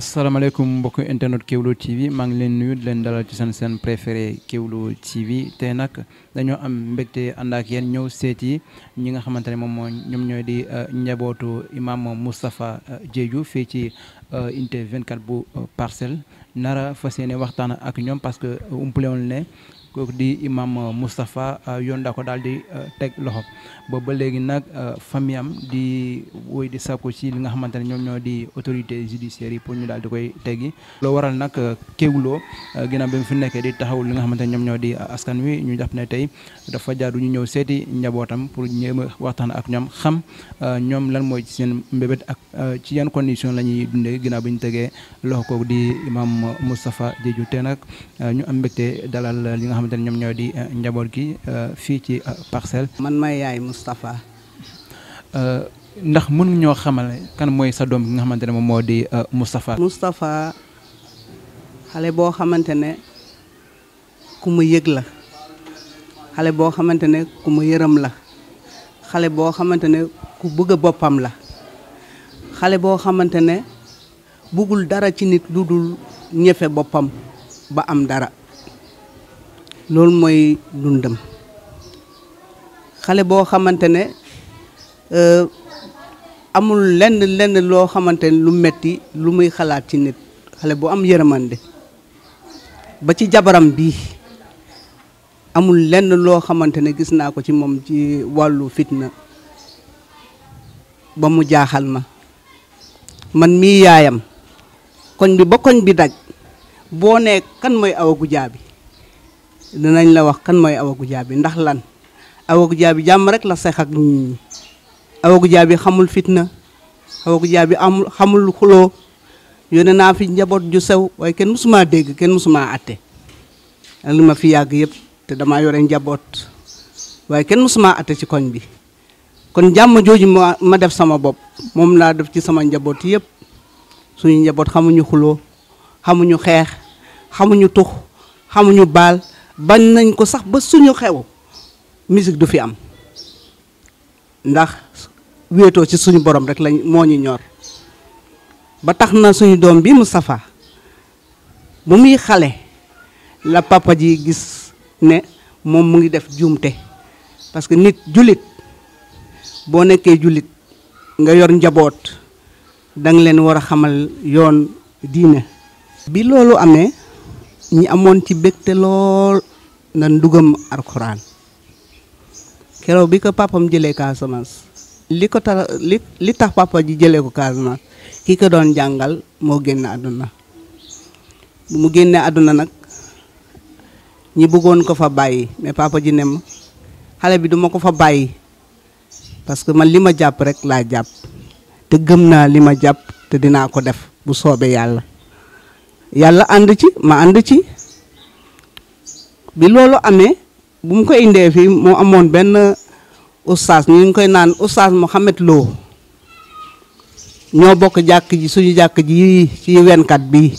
asalaamaaleykum mbokki internet Kéwoulo TV maa ngi leen nuyu di leen dalal ci seen seen préféré Kéwoulo TV tey nag dañoo am mbégte ànd ak yéen ñëw seeti ñi nga xamante ne moom moo ñoom ñooy di euh, njabootu imam Moustapha euh, Diédhiou fii ci euh, unité 24 bu parcelle nara fas yéene waxtaan ak ñoom parce que umpale woon ne kooku di imam Moustapha yoon daa ko daal di teg loxo. boobu ba léegi nag euh, famille am di woy di sàkku ci li nga xamante ne ñoom ñoo di autorité judiciaire yi pour ñu daal di koy teggi loo waral nag euh, kéwuloo euh, ginnaaw bi mu fi nekkee di taxawul li nga xamante ne ñoom ñoo di askan wi ñu jàpp ne tey dafa jaadu ñu ñëw seeti njabootam pour ñëw waxtaan ak ñoom xam ñoom lan mooy seen mbébét ak ci yan condition la ñuy dundee ginnaaw bi ñu tegee loxo kooku di imam Moustapha Diédhiou te nag ñu am mbégte dalal li nga xamante ne ñoom ñoo di njaboot gi fii ci parcelle Moustapha. Euh, ndax mën ñoo xamale kan mooy sa doom bi nga xamante ne moom moo di euh, Moustapha. Moustapha xale boo xamante ne ku ma yëg la xale boo xamante ne ku ma yërëm la xale boo xamante ne ku bëgg boppam la xale boo xamante ne bëggul dara ci nit lu dul ñefe boppam ba am dara loolu mooy dundam. xale boo xamante ne euh, amul lenn lenn loo xamante ne lu metti lu muy xalaat ci nit xale bu am yërmande ba ci jabaram bi amul lenn loo xamante ne gis naa ko ci moom ci wàllu fitna ba mu jaaxal ma man mii yaayam koñ bi ba koñ bi daj boo nee kan mooy Awa Goudiaby dinañ la wax kan mooy Awa Goudiaby ndax lan awogu jaabi jàmm rek la seex ak nit ñi awogu jaabi xamul fitna awogu jaabi amul xamul xuloo yónnee naa fi njaboot ju sew waaye kenn mësumaa dégg kenn mësumaa atte ak li ma fi yàgg yëpp te damaa yore njaboot waaye kenn mësumaa atte ci koñ bi kon jàmm jooju ma ma def sama bopp moom laa def ci sama njaboot yëpp suñu njaboot xamuñu xuloo xamuñu xeex xamuñu tux xamuñu baal bañ nañ ko sax ba suñu xew musique du fi am ndax wéetoo ci suñu borom rek lañ moo ñu ñor ba na suñu doom bi musafa, bu muy xale la papa ji gis ne moom mu ngi def juumte parce que nit julit boneke julit nga yor njaboot da leen war a xamal yoon diine bi loolu amee ñi amoon ci bégte nan dugam alquran keroog bi ko papam jëlee Casamance li ko tax li tax papa ji jëlee ko Casamance ki ko doon jàngal moo génn àdduna mu génne àdduna nag ñi bëggoon ko fa bàyyi mais papa ji ne ma xale bi duma ko fa bàyyi parce que man li ma jàpp rek laa jàpp te gëm naa li ma jàpp te dinaa ko def bu soobee yàlla yàlla ànd ci ma ànd ci bi loolu amee bu mu ko indé fi mo amone ben oustaz eh, ñu ngi koy naan oustaz mohammed Lo ño bok jakk ji suñu jakk ji ci wenkat bi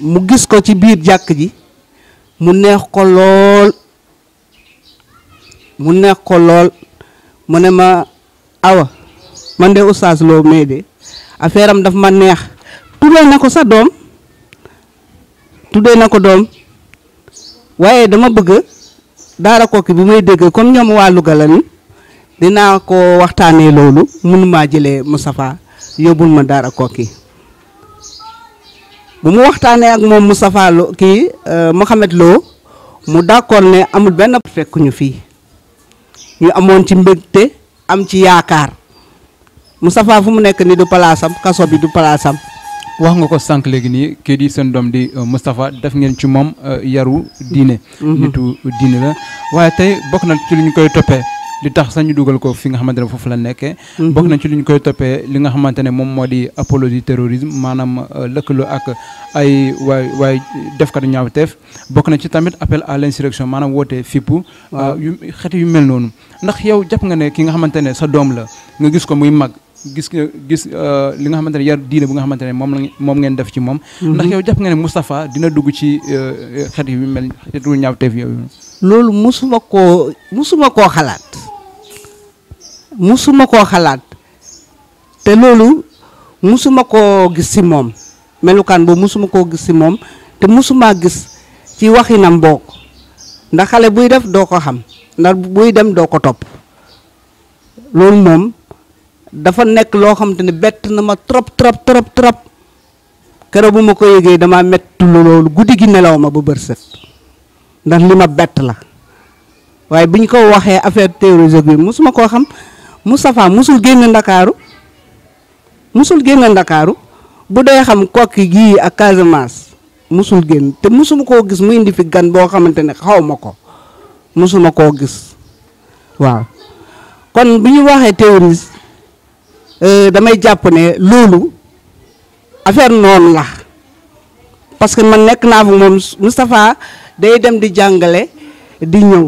mu gis ko ci biir jakk ji mu neex ko lol mu neex ko lol mu ne ma awa man de oustaz Lo may de affaire am daf ma neex tudé nako ko sa dom tudé nako ko waaye dama bëgg daara Koki bi may dégg comme ñoom waa Louga dinaa ko waxtaanee loolu mënumaa jëlee Moustapha yóbbul ma daara Koki bu mu waxtaanee ak moom Moustapha Lo kii euh, Mouhamed loo mu d'accord ne amul benn fekkuñu fii ñu amoon ci mbégte am ci yaakaar Moustapha fu mu nekk ni du palaasam kaso bi du palaasam wax nga ko sànq léegi nii kii di seen doom di euh, Moustapha def ngeen ci moom euh, yaru diine. Mm-hmm. nitu diine la waaye tey bokk na ci li ñu koy toppee li tax sax ñu dugal ko fi nga xamante ne foofu la nekkee. Mm-hmm. bokk na ci lu ñu koy toppee li nga xamante ne moom moo di apologie terrorisme maanaam euh, lëkkaloo ak ay waay waay defkatu ñaawteef bokk na ci tamit appel à l'insurrection maanaam wootee fippu. yu xeet yu mel noonu ndax yow jàpp nga ne ki nga xamante ne sa doom la nga gis ko muy mag. gis gis euh, li nga xamantene yar diine bu nga xamantene mom mom ngeen def ci mom mhm. ndax yow jàpp ngeen mustafa dina dugg ci euh, xet yi mel ñaw tef yow loolu musuma ko musuma ko xalat musuma ko xalat te loolu musuma ko gis ci mom melukan boobu musuma ko gis ci mom te musuma gis ci waxinam bokk ndax xale buy def xam ndax buy dem ko dafa nekk loo xamante te ne bett na ma trop trop trop trop bu ma ko yëgee dama mettu loolu guddi gi nelaw ma ba bërsët ndax li ma bett la waaye bi ñu ko waxee affaire terrorisme bi koo xam Moustapha mosul génn ndakaaru mosul génn ndakaaru bu dee xam kokki gii ak Casamance mosul génn te mosuma koo gis mu indi fi gan boo xamante ne xaw ma ko mosuma koo gis waaw kon bi ñu waxee terrorisme Euh, damay jàpp ne loolu affaire noonu la parce que man nekk naa fa moom Moustapha day dem di jàngale di ñëw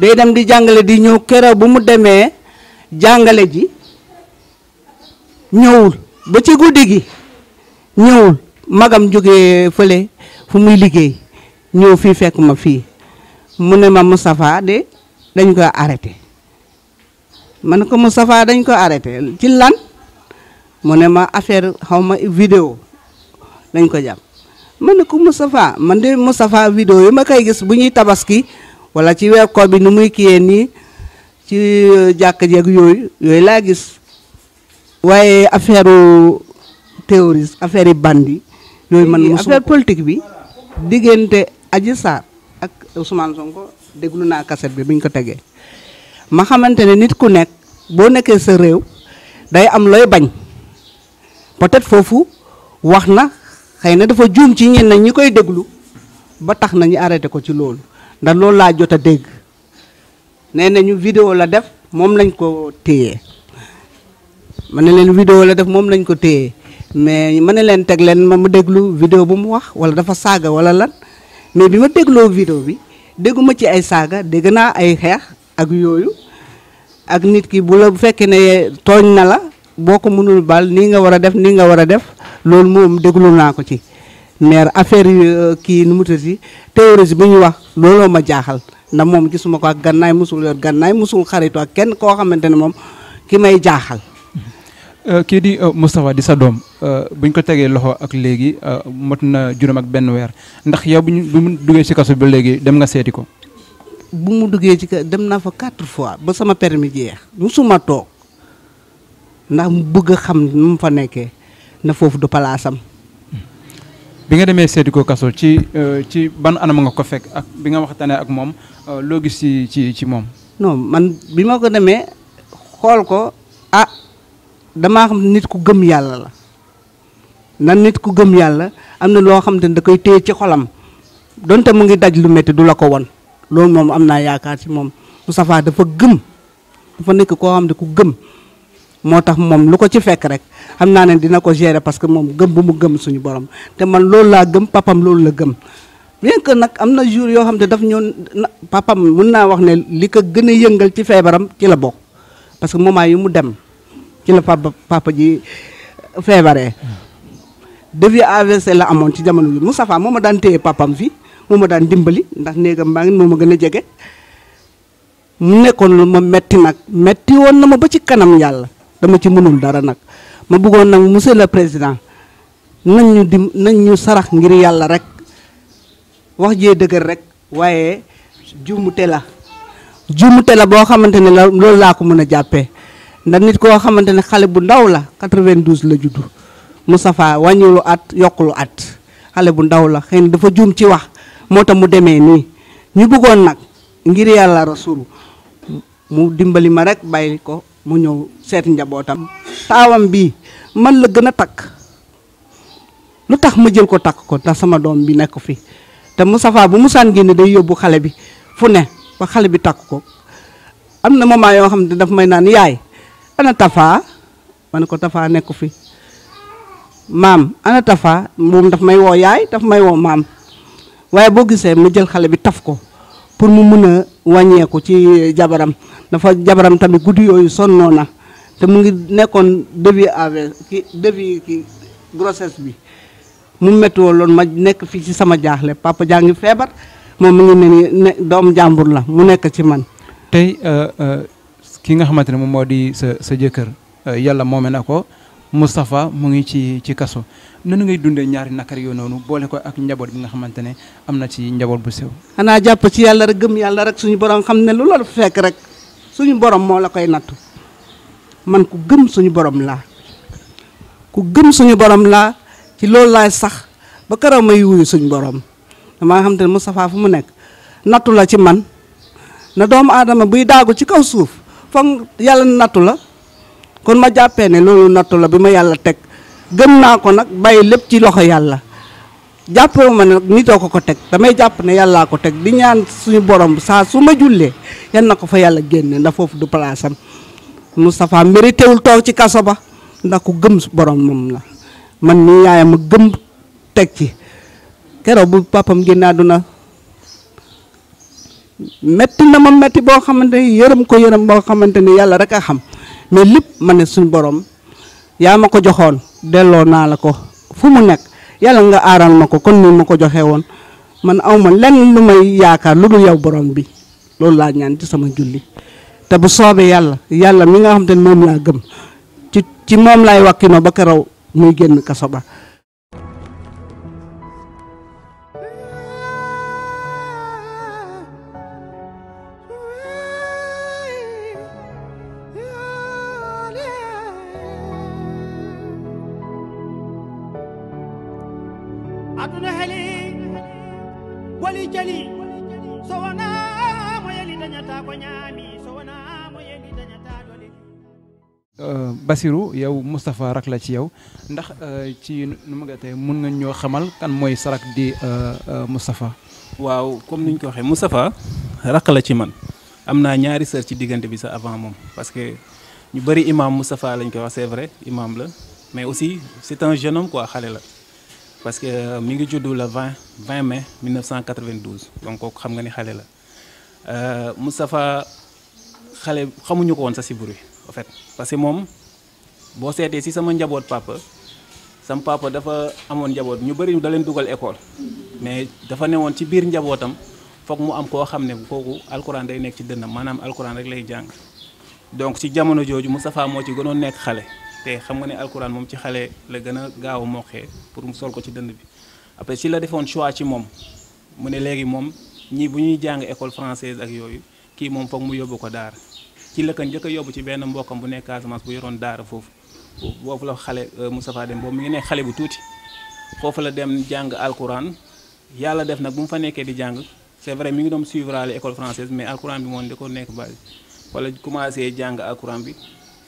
day dem di jàngale di ñëw keroog bu mu demee jàngale ji ñëwul ba ci guddi gi ñëwul magam jóge fële fu muy liggéey ñëw fii fekk ma fii mu ne ma Moustapha de dañ koy arrêté ma ne ko Moustapha dañ ko arrêté ci lan mu ne ma affaire xaw ma vidéo dañ ko jàpp man ne ko man de Moustapha vidéo yi ma koy gis bu ñuy tabaski wala ci weer koor bi nu muy kiyee nii ci euh, jàkk jeeg yooyu yooyu laa gis waaye affaire terroriste yi bandi yooyu man affaire politique bi diggante Adji Sarr ak Ousmane Sonko déglu naa kaset bi buñ ko tegee ma xamante ne nit ku nekk boo nekkee sa réew day am looy bañ peut-être foofu wax na xëy na dafa juum ci ñenn ñi koy déglu ba tax nañu ñu arrêté ko ci loolu ndax loolu laa jot a dégg nee nañu video la def moom lañ ko téye ma ne leen vidéo la def moom lañ ko téye mais ma ne leen teg leen ma mu déglu video bu mu wax wala dafa saaga wala lan mais bi ma dégloo vidéo bi dégguma ci ay saaga dégg naa ay xeex ak yooyu ak nit ki bu la bu fekkee ne tooñ na la boo ko mënul baal nii nga war a def nii nga war a def loolu moom déglu naa ko ci mais affaire yi euh, kii nu mu tëddi théorie bu ñu wax looloo ma jaaxal ndax moom gisuma ko ak gannaay musul yor gannaay mosul xaritu ak kenn koo xamante ne moom ki may jaaxal. Euh, kii di euh, Moustapha di sa doom buñ ko tegee loxo ak léegi mot na juróom ak benn weer ndax yow bu ñu bu mu duggee si kaso bi léegi dem nga seeti ko. bu mu duggé ci dem na fa 4 fois ba sama permis jeex musuma tok ndax mu bëgg xam num fa nekké na fofu du am bi nga démé seeti ko kaso ci euh, ci ban anam nga ko fekk ak bi nga waxtané ak mom euh, lo gis ci ci ci non man bi ma ko démé xol ko ah dama xam nit ku gëm yalla la nan nit ku gëm yalla amna na xam tane da koy téye ci xolam donte mu ngi daj lu metti du la ko won loolu moom am naa yaakaar ci moom Moustapha dafa gëm dafa nekk koo xam ne ku gëm moo tax moom lu ko ci fekk rek xam naa ne dina ko gérer parce que moom gëm bu mu gëm suñu borom te man loolu laa gëm papam loolu la gëm bien que nag am na jour yoo xam ne daf ñoon papam mun naa wax ne li ko gën a yëngal ci feebaram kila bokk parce que moment yi mu dem ci la papa papa ji feebaree defi AVC la amoon ci jamono bi Moustapha safaa ma daan téye papam fii moma daan dimbali ndax néegam baa ngi moo ma mu nekkon lu ma metti nak metti won na ma ba ci kanam yalla dama ci mënul dara nak ma bëggon nak monsieur le président nañ ñu dim nañ ñu sarax ngir yalla rek wax jé dëgër rek waaye jumute la la lo xamante lool la ko mëna jappé ndax nit ko xamante xalé bu ndaw la 92 la judd wañu lu at lu at xalé bu ndaw la xëy dafa ci wax mota mu demee ni ñu bëggoon nak ngir yalla rasul mu dimbali ma rek bayiko mu ñew sét njabotam tawam bi man la gëna tak takk lu tax ma jël ko tak ko ndax sama dom bi nek fi te Moustapha bu musan gene day yobbu xalé bi fu ne ba xalé bi tak ko amna mama yo xamne daf may nan yaay ana Tafa man ko Tafa nek fi mam ana Tafa mom daf may wo yaay daf may wo mam. waaye boo gisee mu jël xale bi taf ko pour mu mun a wàññeeku ci jabaram dafa jabaram tamit guddi yooyu sonnoo na te mu ngi nekkoon début avec ki début ki grossesse bi mu métti woon loolu ma nekk fii ci sama jaaxle papa jaa ngi feebar moom mu ngi ne ni doom jàmbur la mu nekk ci man. tey euh, euh, kii nga xamante ne moom moo di sa sa jëkkër euh, yàlla moome na ko. Mustafa mu ngi ci ci nyari nanu ngay dundé ñaari nakar yo nonu bolé ko ak njabot bi nga xamantene amna ci njabot bu sew ana japp ci yalla rek gëm yalla rek suñu borom xamné lu fekk rek suñu borom mo la koy nattu man ku gëm suñu borom la ku gëm suñu borom la ci loolu laay sax ba këram may wuyu suñu borom dama xamantene mustafa fu mu nek nattu la ci man na doomu aadama buy daagu ci kaw suuf fa yalla nattu la kon ma jappé né lolu natto la bima yalla tek gëm na ko nak bay lepp ci loxo yalla jàppoo ma nag ko ko tek damay japp né yalla ko tek di ñaan suñu borom saa su ma yan na fa yalla génné ndax fofu du place am Moustapha mérité wul tok ci kasso ba gëm borom mom la man ni yaayam ma gëm tek ci kéro bu papam génn àdduna metti na ma metti bo xamanteni ne ko yërëm bo xamanteni yalla rek xam mais lépp ma ne suñ borom yaa ma ko joxoon delloo naa la ko fu mu nekk yàlla nga aaral ma ko kon ni ma ko joxee woon man aw ma lenn lu may yaakaar lu dul yow borom bi loolu laa ñaan ci sama julli te bu soobee yàlla yàlla mi nga xam te ne moom laa gëm ci ci moom laay wàkki noo ba karaw raw muy génn kaso ba aduna heli wali jali so wonamo yeli dañata ko ñaami so wonamo yeli dañata dole euh, Basirou yow Moustapha rak la ci yow ndax euh, ci nu ma nga tey mun nga ñoo xamal kan mooy sarak di euh, Moustapha waaw comme niñ ko waxee Moustapha rak la ci man am naa ñaari sër ci diggante bi sax avant moom parce que ñu bëri imam Moustapha lañ koy wax c'est vrai imam la mais aussi c'est un jeune homme quoi xale la parce que euh, mi ngi le 20 20 mai 1992 donc kooku xam nga ni xalé la euh, Moustapha xalé xamuñu ko won sa si en fait parce que mom, bo seetee si sama njabot papa sam papa dafa amone njabot ñu bari da leen duggal école mais dafa néwon ci biir njabotam foog mu am ko xamné ne kooku alxuraan day nekk ci dënnam manam alcorane rek lay jang donc ci jamono joju Moustapha mo ci gënon nekk xalé te xam nga ne alkuraan moom ci xale la gën a gaaw mokkee pour mu sol ko ci dënn bi après si la defoon choix ci moom mu ne léegi moom ñii bu ñuy jàng école française ak yooyu kii moom foog mu yóbbu ko daara ci la njëkk a yóbbu ci benn mbokkam bu nekk Casamance bu yoroon daara foofu boobu la xale euh, Moustapha dem boobu mu ngi ne xale bu tuuti foofu la dem jàng alkuraan yàlla def nag bu mu fa nekkee di jàng c'est vrai mi ngi doon suivre école l'école mais alkuraan bi moom da ko nekk base wala commencé jàng alkuraan bi.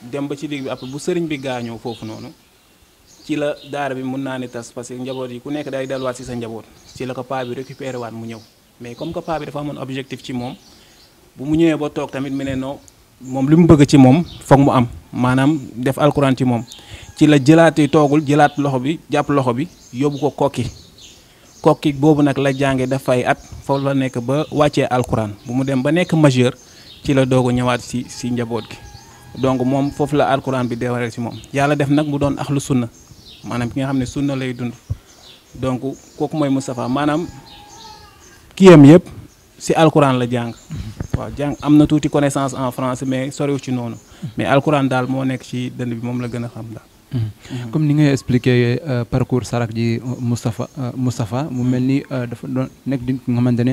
dem ba ci digg bi après bu sëriñ bi gaañoo foofu noonu ci la daara bi mun naa ne tas parce que njaboot yi ku nekk day delluwaat si sa njaboot ci la ko paa bi récupéré waat mu ñëw mais comme que paa bi dafa amoon objectif ci moom bu mu ñëwee ba toog tamit mu ne non moom li mu bëgg ci moom foog mu am maanaam def alxuraan ci moom ci la jëlaati toogul jëlaat loxo bi jàpp loxo bi yóbbu ko kokki kokki boobu nag la jànge dafay at foofu la nekk ba wàccee alxuraan bu mu dem ba nekk majeur ci la doog ñëwaat si si njaboot gi. donc moom foofu la alquran bi deewaree ci moom yàlla def nag mu doon axlu sunna maanaam ki nga xam ne sunna lay dund donc kooku mooy Moustapha maanaam kiyam yëpp ci alquran la jàng waaw jàng am na tuuti connaissance en français mais soriw ci noonu mais alquran daal moo nekk ci dënn bi moom la gën a xam daal Mm-hmm. comme ni ngay expliqué euh, parcours sarak ji euh, Moustapha euh, mustafa mu melni dafa nek nekk di nga xamante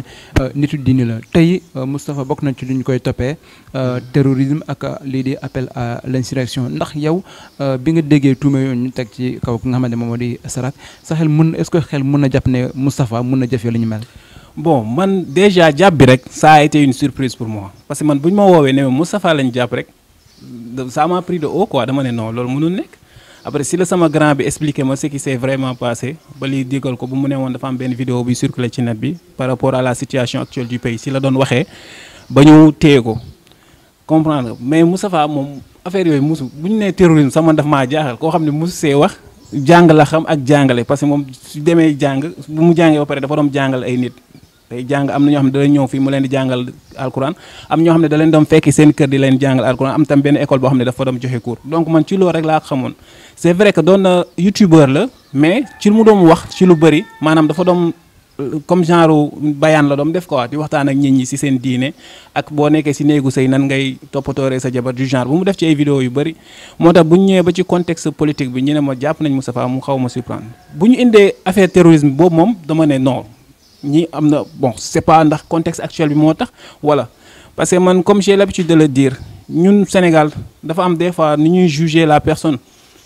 nitu diine la tey Moustapha bokk na ci lu koy topé mm-hmm. terrorisme ak li di appel à l'insurrection ndax yow bi nga déggee tuuma yoon ñu teg ci kaw nga xamante moom di sarak sa xel mun est-ce que xel mun na jàpp ne Moustapha mun na jëfee lu ñu mel. bon man déjà jàpp rek ça a été une surprise pour moi parce que man buñ ñu ma woowee ne Moustapha lañ japp rek ça m'a pris de haut quoi dama né non lolou mënul nek après si le sama grand bi expliquer moi ce qui s'est vraiment passé ba li digal ko bu mu ne woon dafa am vidéo bi circuler ci net bi par rapport à la situation actuelle du pays si la donne waxé ba ñu téye ko comprendre mais Moustapha mom affaire yoy musu bu ñu nee terrorisme sama daf ma jaaxal ko xamni musu sé wax jàng la xam ak jangalé parce que mom su demee jàng bu mu jangé ba pare dafa doon jàngal ay nit. tey jàng am na ñoo xam ne da ñëw fii mu leen di jàngal alquran am ñoo xam ne da leen doon fekki seen kër di leen jàngal alquran am tam benn école boo xam ne dafa doon joxe cours donc man ci loolu rek laa xamoon c'est vrai que doon na youtubeur la mais ci mu doon wax ci lu bari maanaam dafa doon euh, comme genre bayaan la doom def quoi di waxtaan ak nit ñi ci seen diine ak boo nekkee ci néegu sëy nan ngay toppatooree sa jabar du genre bu mu def ci ay vidéo yu bëri moo tax bu ñëwee ba ci contexte politique bi ñu ne ma jàpp nañ Moustapha mu xaw ma surprendre bu ñu indee affaire terrorisme boobu moom dama ne non ni amna bon c'est pas ndax contexte actuel bi voilà parce que comme j'ai l'habitude de le dire ñun Sénégal dafa am des fois ni juger la personne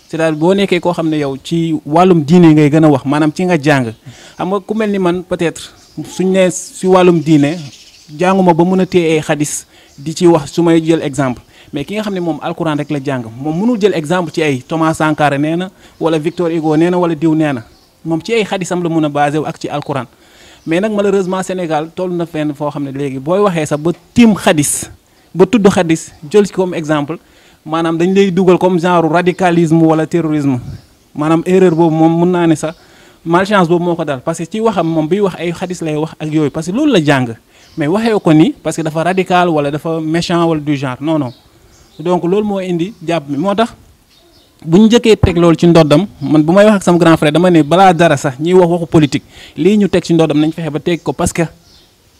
c'est-à-dire yow ci walum diiné ngay gëna wax ci nga xam nga man peut-être suñ né si walum diiné janguma ba mëna téé hadith di ci wax jël exemple mais ki nga xamné mom alcorane rek la Je jël exemple ci Thomas Sankara wala Victor Hugo néna wala diw néna mom ci la mais nag malheureusement Sénégal toll na fenn fo xamné légui boy waxé sa ba tim hadith ba tuddu hadith jël ci comme exemple manam dañ lay dugal comme genre radicalisme wala terrorisme manam erreur bobu mom mën na né sax malchance bobu moko dal parce que ci waxam mom bi wax ay hadith lay wax ak yoy parce que loolu la jang mais waxé ko ni parce que dafa radical wala dafa méchant wala du genre non non donc loolu mo indi jàpp mi moo bu ñu njëkkee teg loolu ci ndoddam man bu may wax ak sama grand frère dama ne balaa dara sax ñuy wax waxu politique lii ñu teg ci ndoddam nañ fexe ba teg ko parce que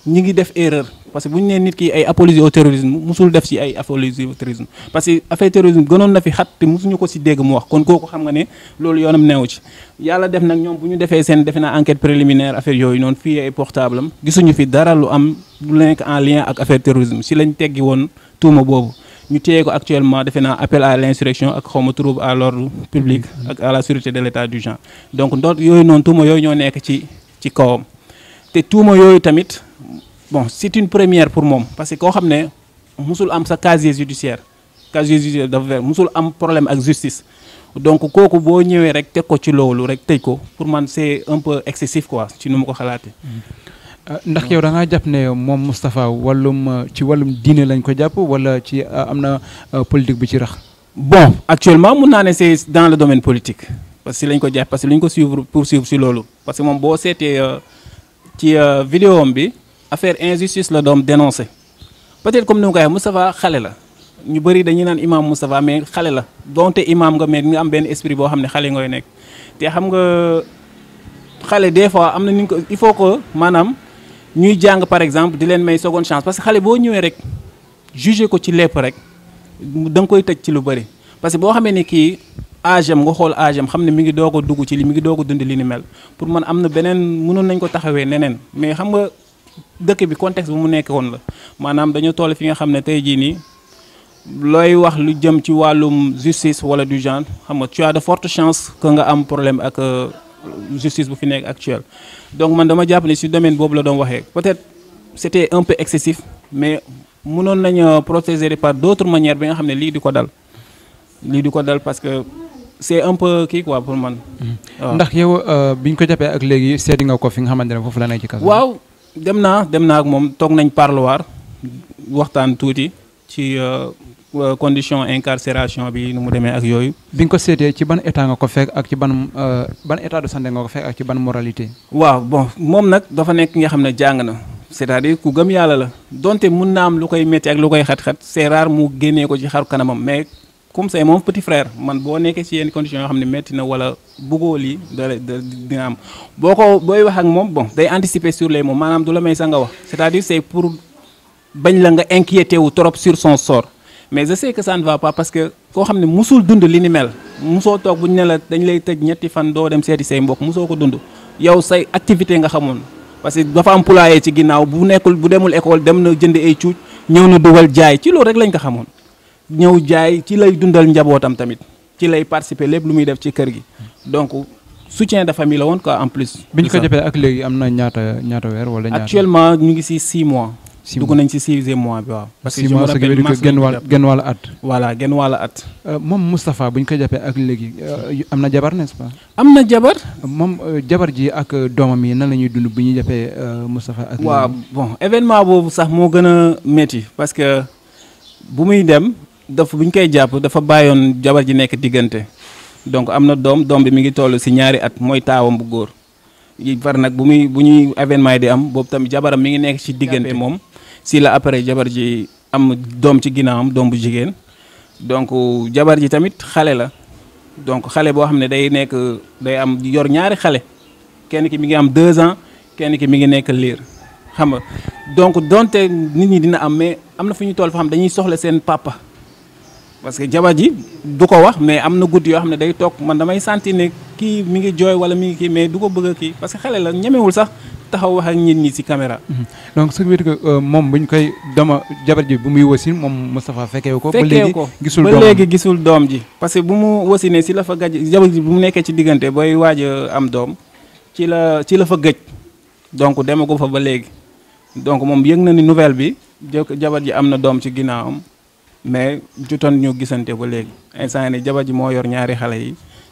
ñi ngi def erreur parce que bu ñu nit ki ay apologie au terrorisme musul def ci ay apologie terrorisme parce que affaire terrorisme gënoon na fi xat te musuñu ko ci dégg mu wax kon kooku xam nga ne loolu yoonam neewu ci yàlla def nag ñoom bu ñu defee seen defe naa enquête préliminaire affaire yooyu noonu fii ay portable gisuñu fi dara lu am lu en lien ak affaire terrorisme ci lañ teggi woon tuuma boobu nous avons actuellement fait appel à l'insurrection et ak xaw à l'ordre public mm-hmm. ak à la sûreté de l'état du genre donc nous avons tout tuuma yooyu ñoo nekk ci ci kawam te tuuma yooyu tamit bon c'est une première pour moi parce que koo xam ne musul am sa casier judiciaire casier judiciaire dafa musul am problème ak justice donc kooku boo ñëwee rek teg ko ci rek pour moi c'est un peu excessif quoi ci nu ko ah, ndax yow da nga jàpp ne moom Moustapha wàllum ah, ci wàllum diine lañ ko jàpp wala ci ah, am na politique bi ci rax. bon actuellement mun naa ne c'est dans le domaine politique parce que lañ ko jàpp parce que luñ ko suivre poursuivre si loolu parce que moom boo seetee euh, ci euh, vidéo am bi affaire injustice la doom dénoncé peut-être comme ni ma ko Moustapha xale la ñu bëri dañuy naan imam Moustapha mais xale la donte imam nga mais nga am benn esprit boo xam ne xale ngay nekk te xam nga xale des fois am na ni ko il faut que maanaam ñuy jang par exemple di len may seconde chance parce que xale bo ñëwee rek juger ko ci lépp rek dang koy tej ci lu bari parce que bo xamee ni kii âge nga xol âge xamné mi ngi doog a dugg ci li mi ngi doog dund li ni mel pour man amna benen mënon nañ ko taxawé nenen mais xam nga dëkk bi contexte bu mu won la manam dañu toll fi nga xamné tay ji ni loy wax lu jëm ci walum justice wala du genre xam nga tu as de fortes chances que nga am problème ak. Euh, justice bu fi nek actuelle donc man dama jàpp ne si domaine bobu la doon waxe peut-être c'était un peu excessif mais mënoon nañu euh, protéger par d'autres manières bi nga xamné li diko dal li diko dal parce que c'est un peu qui quoi pour man. Mm-hmm. ndax yow euh, biñ ko jappé ak légui seeti nga ko fi nga xamante fofu la nekk ci kaso. waw dem naa dem naa ak mom tok nañ parloir waxtan touti ci. Euh, euh, condition incarcération bi nu mu demee ak yooyu. biñ ko sété ci ban état nga ko fek ak ci ban euh, ban état de santé nga ko fek ak ci ban moralité. waaw bon mom nak dafa nek nga xamné ne na c'est-à-dire ku gëm yalla la donté mun naa am lu koy métti ak lu koy xat-xat c'est rare mu génnee ko ci xaru kanamam mais comme c'est mon petit frère man bo nekkee ci yenn condition yoo xamné metti na wala bëggoo lii dina am boko boy wax ak mom bon day anticiper sur les mots manam du la may sa nga wax c'est-à-dire c'est pour bagn la nga inquiété wu trop sur son sort mais je sais que ça ne va pas parce que ko xamné musul dund li ni mel muso tok bu ne la dañ lay tej ñetti fan do dem séti say mbokk muso ko dund yow say activité nga xamone parce que dafa am poulailler ci bu nekkul bu demul école dem na jënd ay ciuc ñew na jaay ci rek lañ ko xamone ñew jaay ci lay dundal tamit ci lay participer lepp lu muy def ci kër gi donc soutien de famille la en plus. biñ ko ak actuellement ñu ngi 6 mois. si mois dugg nañ ci sixième mois bi parce que je me rappelle mars genn wàll at. voilà genn wàll at. Euh, moom Moustapha bu ñu ko jàppee ak léegi euh, am na jabar nest am na jabar. moom euh, jabar ji ak doomam yi nan la ñuy dund bu ñuy jàppee Moustapha ak. waaw bon événement boobu sax moo gën a métti parce que bu muy dem dafa bu koy jàpp dafa bàyyoon jabar ji nekk diggante donc am na doom doom bi mi ngi toll si ñaari at mooy taawam bu góor yi far nag bu muy bu ñuy événement yi di am boobu tamit jabaram mi ngi nekk ci diggante moom. si la après jabar ji am doom ci am doom bu jigéen donc jabar ji tamit xale la donc xale boo xam ne day nekk day am yor ñaari xale kenn ki mi ngi am deux ans kenn ki mi ngi nekk liir xam nga donc donte nit ñi dina am mais am na fu ñu toll fa xam dañuy soxla seen papa parce que jabar ji du ko wax mais am na guddi yoo xam ne day toog man damay sentir kii mu ngi jooy wala mi ngi kii mais du ko bëgg a kii parce que xale la ñemewul sax taxaw wax ak nit ñi ci caméra. Mhm. donc su qui que euh, moom bu ñu koy dama jabar ji bu muy wasin moom Moustapha fekkee ko. fekkee ko ba léegi gisul doom ji parce que bu mu wasinee ci la fa gaj jabar ji bu mu nekkee ci diggante booy waaj am doom ci la ci la fa gëj donc demagul fa ba léegi donc moom yëg na ni nouvelle bi jabar ji am na doom ci ginnaawam mais jotoon ñu gisante ba léegi instant yii jabar ji moo yor ñaari xale yi.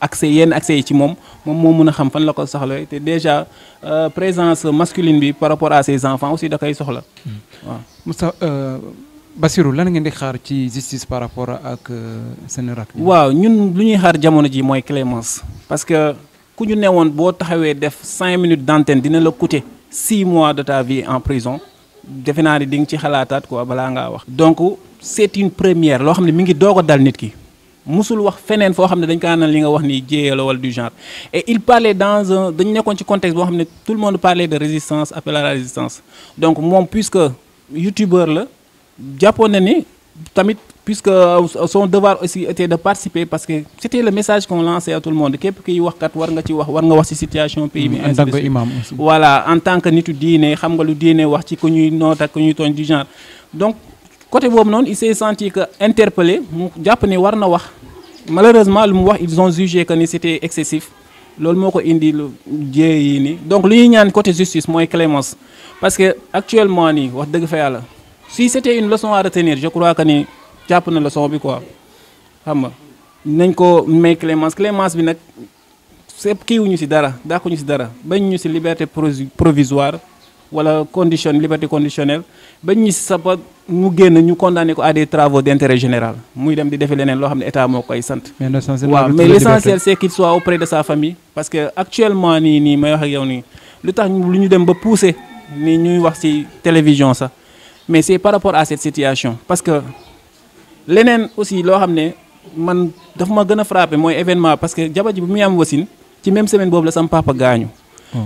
accès yenn accès yi ci moom moom moo mën a xam fan la ko soxla te déjà euh, présence masculine bi par rapport à ses enfants aussi da koy soxla hmm. waaw. Moussa euh, Bassirou lan ngeen di xaar ci justice par rapport ak euh, nerac. waaw ñun lu ñuy xaar jamono ji mooy clémence parce que ku ñu newoon boo taxawee def cinq minutes d'antenne dina la coûter six mois de ta vie en prison defe naa ni di nga ci xalaataat quoi balaa ngaa wax. donc c'est une première loo xam ne mi ngi doog a dal nit ki musul wax fenen fo xam dañ ko naan li nga wax ni jéeya la wala du genre et il parlait dans un dañ nekkoon ci contexte bo xam tout le monde parlait de résistance appel à la résistance donc moom puisque youtubeur la jàppoon ni tamit puisque son devoir aussi était de participer parce que c'était le message qu'on lançait à tout le monde képp kiy wax kat war nga ci wax war nga wax ci situation pays bi mm, en tant que imam aussi voilà en tant que nitu diiné xam nga lu diiné wax ci ku ñuy noot ak ku ñuy tooñ du genre donc côté boobu non il s'est senti que interpellé mu japp ne war na wax malheureusement lu ils ont jugé que c'était excessif loolu moko indi lu jiyee yii donc li ñaan côté justice moy clémence parce que actuellement ni wax deug fa si c'était une leçon à retenir je crois que ni jàpp na leçon bi quoi xam nga nañ ko may clémence clémence bi nak c'est wuñu ci dara ñu ci dara bañ ñu ci liberté provisoire wala condition liberté conditionnelle bañ ñu si sa nous génn ñu condamné à des travaux d'intérêt général Nous dem di defee leneen loo état koy mais l'essentiel c'est qu'il soit auprès de sa famille. parce que actuellement ni ni may wax ak yow lu ñu dem ba poussé ni ñuy wax ci télévision Ça. mais c'est par rapport à cette situation. parce que leneen aussi loo xam man dafa ma gën a événement parce que jabar ji bu muy am wasin ci même semaine boobu la sam papa gaañu. Oh.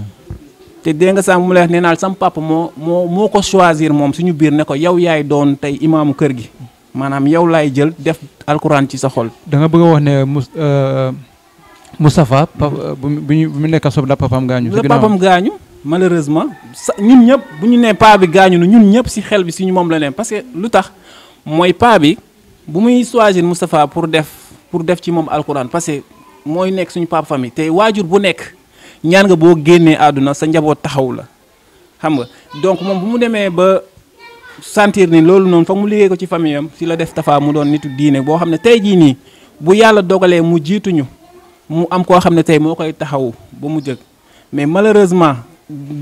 te dégg nga sànq mu lay wax nee naa sam papa moo moo ko choisir moom suñu biir ne ko yow yaay doon tey imaamu kër gi maanaam yow laay jël def alxuraan ci sa xol. da nga bëgg a wax ne Mous euh, Moustapha euh, bu bu bu nekk sob la papam gaañu. la papam gaañu malheureusement sa ñun ñëpp bu ñu nee paa bi gaañu nu ñun ñëpp si xel bi suñu moom la ne parce que lu tax mooy paa bi bu muy choisir Moustapha pour def pour def ci moom alxuraan parce que mooy nekk suñu papa famille tey waajur bu nekk. ñaan nga boo génnee àdduna sa njaboot taxaw la xam nga donc moom bu mu demee ba sentir ni loolu noonu fa mu liggéey ko ci famille am si la def tafaa mu doon nit diine boo xam ne tey jii nii bu yàlla dogalee mu jiituñu mu am koo xam ne tey moo koy taxaw ba mu jëg mais malheureusement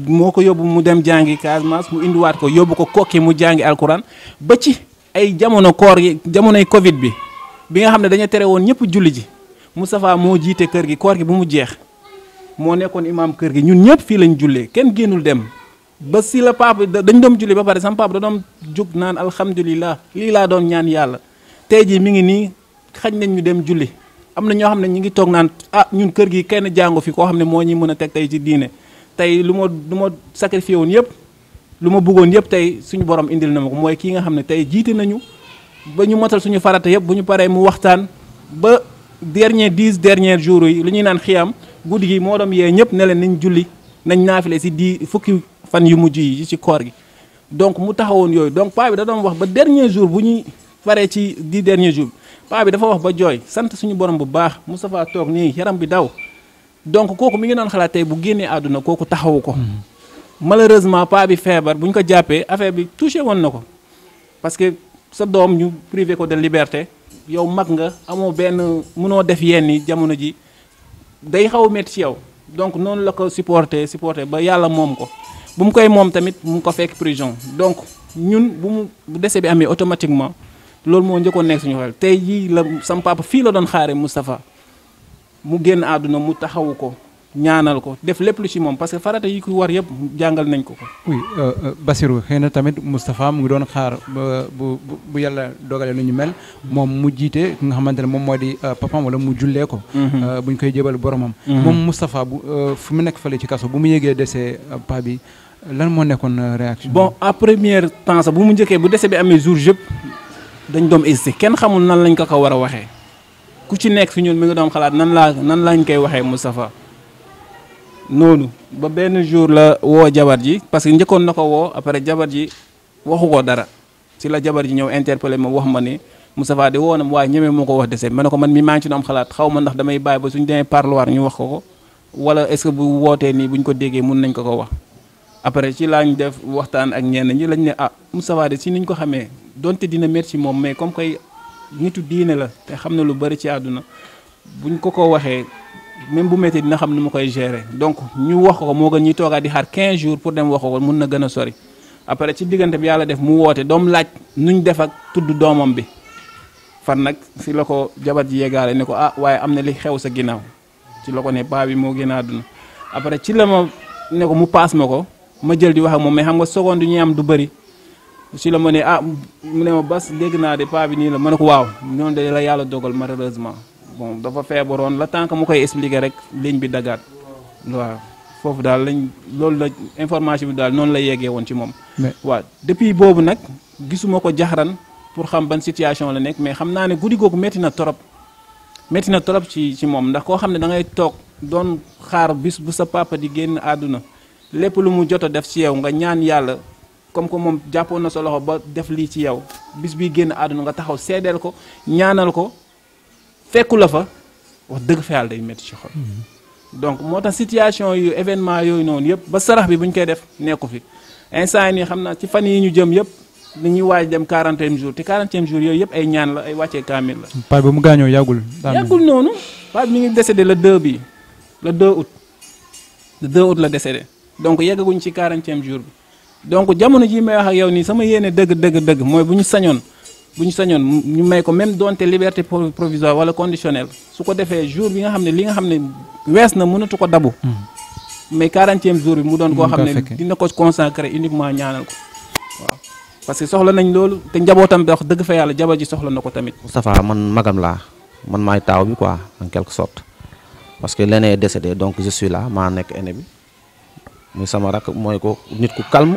moo ko yóbbu mu dem jàngi Casamance mu indiwaat ko yóbbu ko kokki mu jàngi alkuraan ba ci ay jamono koor gi jamonoy Covid bi bi nga xam ne dañu tere woon ñëpp julli ji Moustapha moo jiite kër gi koor gi bu mu jeex mo nekkoon imam keur gi ñun ñepp fi lañ jullee ken gënul dem ba si la paapa dañ doon julli ba pare sam paapa da doon juk naan alhamdullilah li la doon ñaan yalla tay ji mi ngi ni xañ nañ ñu dem julli am na ñoo xam ne ngi tok naan ah ñun keur gi kenn jangu fi ko xamne mo ñi mëna tek a ci diiné tay luma ma sacrifier won sacrifié luma bëggoon yëpp tay suñu borom indil na mako moy ki nga xamne tay jité nañu ba ñu motal suñu farata yépp bu ñu paré mu waxtaan ba dernier 10 dernier jours yi lu ñuy naan xiyam gudi gi moo doon yee ne julli nañ ci di fukki fan yu ci donc mu yoy donc da doon wax dernier jour bu ñuy ci di dernier jour paa bi dafa wax ba suñu borom bu baax yaram bi daw donc mi ngi mm-hmm. malheureusement Pabi bi ko touché parce que sa privé ko de liberté yow mag nga amo ben def jamono day xaw a ci yow donc non la ko supporter supporter ba yalla mom ko bu mu koy mom tamit mu ko fekk prison donc ñun bu mu dese bi amé automatiquement lool mo njëkkoon nekk suñu xel tay jii la sam papa fi la doon xaaré mustapha mu génn aduna mu taxawu ko ñaanal ko def lépp lu ci moom parce que farata yi ko war yëpp jàngal nañ ko ko. oui euh, euh, Basirou xëy na tamit Moustapha mu ngi doon xaar bu bu yàlla dogalee lu ñu mel moom mu jiite ki nga xamante ne moom moo di euh, papam wala mu jullee ko. Mhm. buñ koy jébal boromam. Mhm. moom Moustapha bu fu mu nekk fële ci kaso bu mu yëgee dese pa bi lan moo nekkoon réaction. bon à première temps bu mu njëkkee bu dese bi amee jour yëpp dañ doom hésité kenn xamul nan lañ ko ko war a waxee ku ci nekk fi ñun mi ngi xalaat nan laa nan lañ koy waxee Moustapha. noonu ba benn jour la woo jabar ji parce que njëkkoon na ko woo après jabar ji waxu ko dara si la jabar ji ñëw interpellé ma wax ma ne Moustapha de woo na waaye ñemee moo ko wax dese ma ne ko man mi maa ngi ci xaw ma ndax damay bàyyi ba suñ demee parloir ñu wax ko ko wala est bu wootee nii buñ ko déggee mun nañ ko ko wax après ci laañ def waxtaan ak ñenn ñi lañ ne ah Moustapha de si niñ ko xamee donte dina métti moom mais comme koy nitu diine la te xam na lu bëri ci àdduna buñ ko ko waxee même bu métti dina xam ni ma koy gérer donc ñu wax ko moo gën ñuy toogaat di xaar 15 jours pour dem wax ko mun na gën a sori après ci diggante bi yàlla def mu woote doom laaj nuñ def ak tudd doomam bi fan nag si la ko jabat ji yeggaale ne ko ah waaye am na li xew sa ginnaaw ci la ko ne paa bi moo gën a àdduna après ci la ma ne ko mu paas ma ko ma jël di wax moom mais xam nga seconde ñu am du bëri si la ma ne ah mu ne ma bas dégg naa de paa bi nii la ma ne ko waaw ñoo de la yàlla dogal malheureusement. bon dafa feebaroon la tant que mu koy expliquer rek ligne bi dagaat waaw foofu daal lañ loolu la information bi daal noonu la yeggee woon ci moom. waaw depuis boobu nag gisuma ko jaxran pour xam ban situation la nekk mais xam naa ne guddi googu métti na trop métti na trop ci ci moom ndax koo xam ne da ngay toog doon xaar bis bu sa papa di génn àdduna lépp lu mu jot a def ci yow nga ñaan yàlla comme que moom jàppoon na sa loxo ba def lii ci yow bis bi génn àdduna nga taxaw seedeel ko ñaanal ko. fekku la fa wax deug fa yàlla day métti ci xol. donc moo situation yu événement yoy non yëpp ba sarax bi buñ koy def neeku fi instant ni xamna ci fan yi ñu jëm yëpp dañuy waaj dem 40e jour 40e jour yoy yëpp ay ñaan la ay wacce kamil la. pa bi mu gaañoo yagul yagul nonu pa bi mi ngi décédé le 2 bi le 2 août le 2 août la décédé donc yeggaguñ ci 40e jour bi donc jamono ji may wax ak yow ni sama yene deug deug deug moy buñu ñu bu ñu sañoon ñu may ko même donte liberté provisoire wala conditionnelle su ko defee jour bi nga xam ne li nga xam ne wees na mënatu ko dabu. Hmm. mais quarantième jour bi mu doon koo xam ne dina ko consacrer uniquement ñaanal ko waaw. parce que soxla nañ loolu te njabootam wax dëgg fa yàlla jabar ji soxla na ko tamit. Moustapha man magam laa man maay taaw bi quoi en quelque sorte parce que l'aîné est donc je suis maa nekk aîné bi muy sama rakk mooy ko nit ku calme.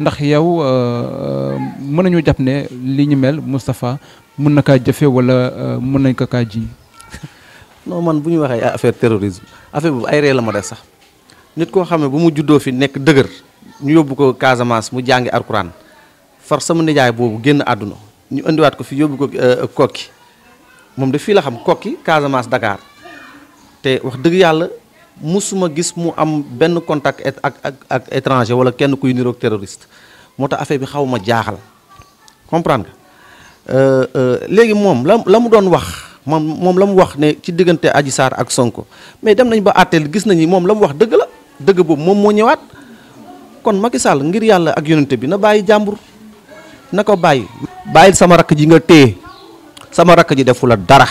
ndax yow euh, euh, mën nañu jàpp ne lii ñu mel Moustapha mën na kaa jëfe wala euh, mën nañ ko kaa ji. non man bu ñu waxee affaire terrorisme affaire boobu ay ree la ma def sax nit koo xam ne bu mu juddoo fi nekk dëgër ñu yóbbu ko Casamance mu jàngi Alxuraan far sama nijaay boobu génn àdduna ñu indiwaat ko fi yóbbu ko kokki moom de fii la xam kokki Casamance Dakar te wax dëgg yàlla. mosuma gis mu am benn contact ak ak ak étranger wala kenn kuy niroog terroriste moo tax affaire bi xaw ma jaaxal comprendre nga euh, euh, léegi moom la la mu doon wax moom moom la mu wax ne ci diggante Adji Sarr ak Sonko mais dem nañ ba àtteel gis nañu moom la mu wax dëgg la dëgg boobu moom moo ñëwaat kon Macky Sall ngir yàlla ak yonente bi na bàyyi jàmbur na ko bàyyi. bàyyil sama rakk ji nga téye sama rakk ji defu la dara.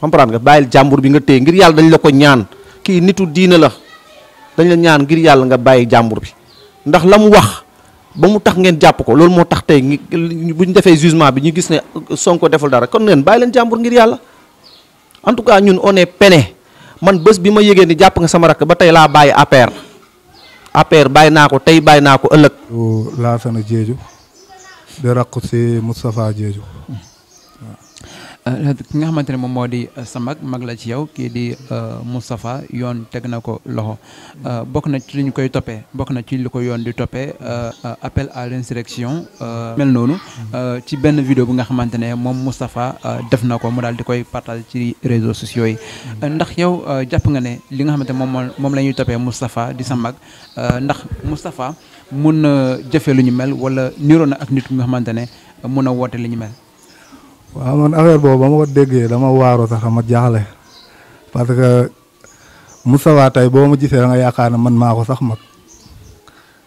comprendre nga bayil jambour bi nga tey ngir yalla dañ la ko ñaan ki nitu diina la dañ la ñaan ngir yalla nga bayyi jambour bi ndax lamu wax ba mu tax ngeen japp ko lool mo tax tey buñ defé jugement bi ñu gis ne sonko deful dara kon ngeen bayil jambour ngir yalla en tout cas ñun on est peiné man bëss bima yégué ni japp nga sama rak ba tay la bay APR APR bay nako tay bay nako ëlëk la sama jeju de rakku ci Mustafa jeju ki nga xamante ne moom moo di euh, sa mag mag la ci yow kii di euh, Moustapha yoon teg na ko loxo euh, bokk na ci lu ñu koy toppee bokk na ci lu ko yoon di toppee appel à l'insurrection mel noonu ci benn video bu nga xamante ne moom Moustapha def na ko mu daal di koy partage ci réseaux sociaux yi ndax yow jàpp nga ne li nga xamante ne moom moom la ñuy toppee Moustapha di sa mag ndax Moustapha mun na jëfe lu ñu mel wala niroo na ak nit ku nga xamante ne mun a woote li ñu mel waaw man affaire boobu ba ma ko déggee dama waaroo sax ma jaaxle parce que Moustapha tey boo ma gisee da nga yaakaar ne man maa ko sax mag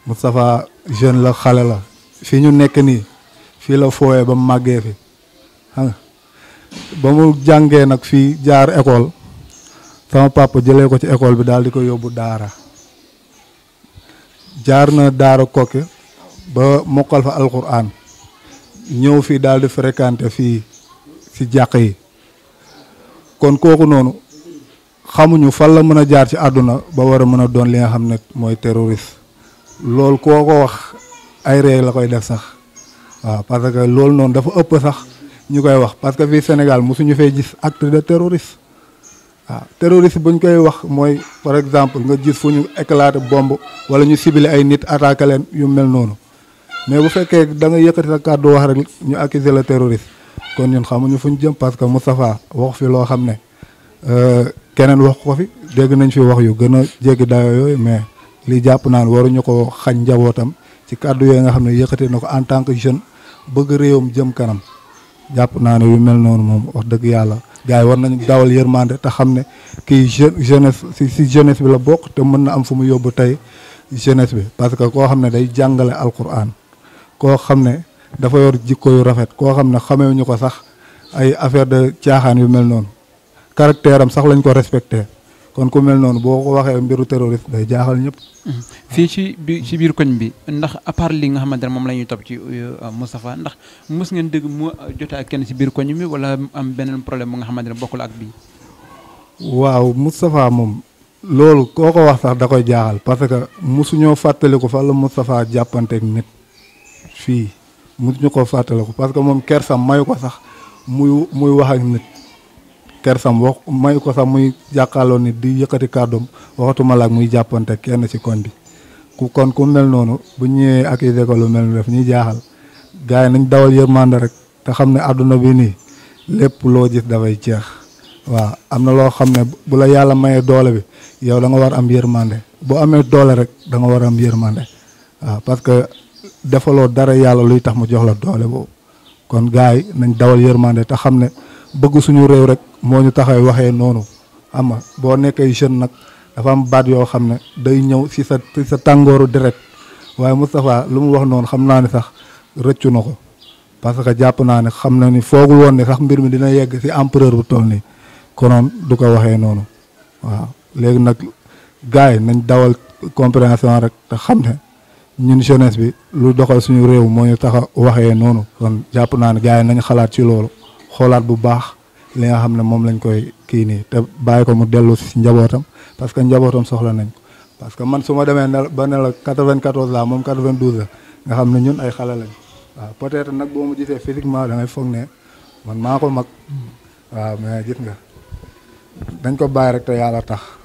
Moustapha jeune la xale la fii ñu nekk nii fii la fooyee ba mu màggee fi ba mu jàngee nag fii jaar école sama papa jëlee ko ci école bi daal di ko yóbbu daara jaar na daara kokki ba mokkal fa alquran ñëw fii daal di fréquenté fii si jàq kon koku nonu xamuñu fa la mëna jaar ci aduna ba wara mëna doon li nga xamné moy terroriste lool koko wax ay réew la koy def sax wa parce que lool non dafa ëpp sax ñu wax parce que fi Sénégal mosuñu fay gis acte de terroriste wa terroriste buñ koy wax moy par exemple nga gis fuñu éclater bombe wala ñu cibler ay nit attaquer len yu mel nonu mais bu fekke da nga yëkëti sa wax rek ñu accuser le terroriste kon ñun xamuñu fu ñu jëm parce que Moustapha wax fi loo xam ne euh, keneen wax ko fi dégg nañ fi wax yu gën a jéggi dayoo yooyu mais li jàpp naan waruñu ko xañ njabootam ci kàddu yooyu nga xam ne yëkkati na ko en tant que jeune bëgg réewam jëm kanam jàpp naa ne yu mel noonu moom wax dëgg yàlla gars yi war nañ dawal yërmande te xam ne kii jeune jeunesse si si jeunesse bi la bokk te mën na am fu mu yóbbu tey jeunesse bi parce que koo xam ne day jàngale alquran koo dafa yor jikko yu rafet koo xam ne xamewuñu ko sax ay affaire de caaxaan yu mel noonu caractère sax lañ ko respecté kon ku mel non boo ko waxee mbiru terroriste day jaaxal ñëpp. fii ci bi ci biir koñ bi ndax à part li nga xamante ne moom la ci euh, Moustapha ndax mos ngeen dégg mu jote ak kenn ci biir koñ bi wala am beneen problème nga xamante ne ak waaw Moustapha mom loolu koo ko wax sax da koy jaaxal parce que mosuñoo ko fan la Moustapha jàppanteeg nit ñu koo fàttaliku parce que moom kersam mayu ko sax muy muy wax ak nit kersam wax mayu ko sax muy jàkkaarloo nit di yëkkati kàddoom waxatuma laak muy jàppante kenn ci koñ bi ku kon ku mel noonu bu ñëwee ak i ko lu mel ni ñuy jaaxal gars yi nañ dawal yërmande rek te xam ne àdduna bi nii lépp loo gis dafay jeex waaw am na loo xam ne bu la yàlla mayee doole bi yow da nga war am yërmande boo amee doole rek da nga war am yërmande waaw parce defaloo dara yàlla luy tax mu jox la doole boobu kon gars yi nañ dawal yërmande te xam ne bëgg suñu réew rek moo ñu taxay waxee noonu ama boo nekkee jeune nag dafa am baat yoo xam ne day ñëw si sa si sa tàngooru deret waaye Moustapha lu mu wax noonu xam naa ne sax rëccu na ko parce que jàpp naa ne xam na ni foogul woon ni sax mbir mi dina yegg si empereur bu tool nii konoon du ko waxee noonu waaw léegi nag gars yi nañ dawal compréhension rek te xam ne. ñun jeunesse bi lu doxal suñu réew moo ñu tax a waxee noonu kon jàpp naa ne gars yi nañu xalaat ci loolu xoolaat bu baax li nga xam ne moom lañ koy kii nii te bàyyi ko mu dellu si njabootam parce que njabootam soxla nañ ko parce que man suma ma demee ne ba ne la 94 la moom 92 la nga xam ne ñun ay xale lañ waaw peut-être nag boo mu gisee physiquement da ngay foog ne man maa ko mag waaw mais gis nga dañ ko bàyyi rek te yàlla tax.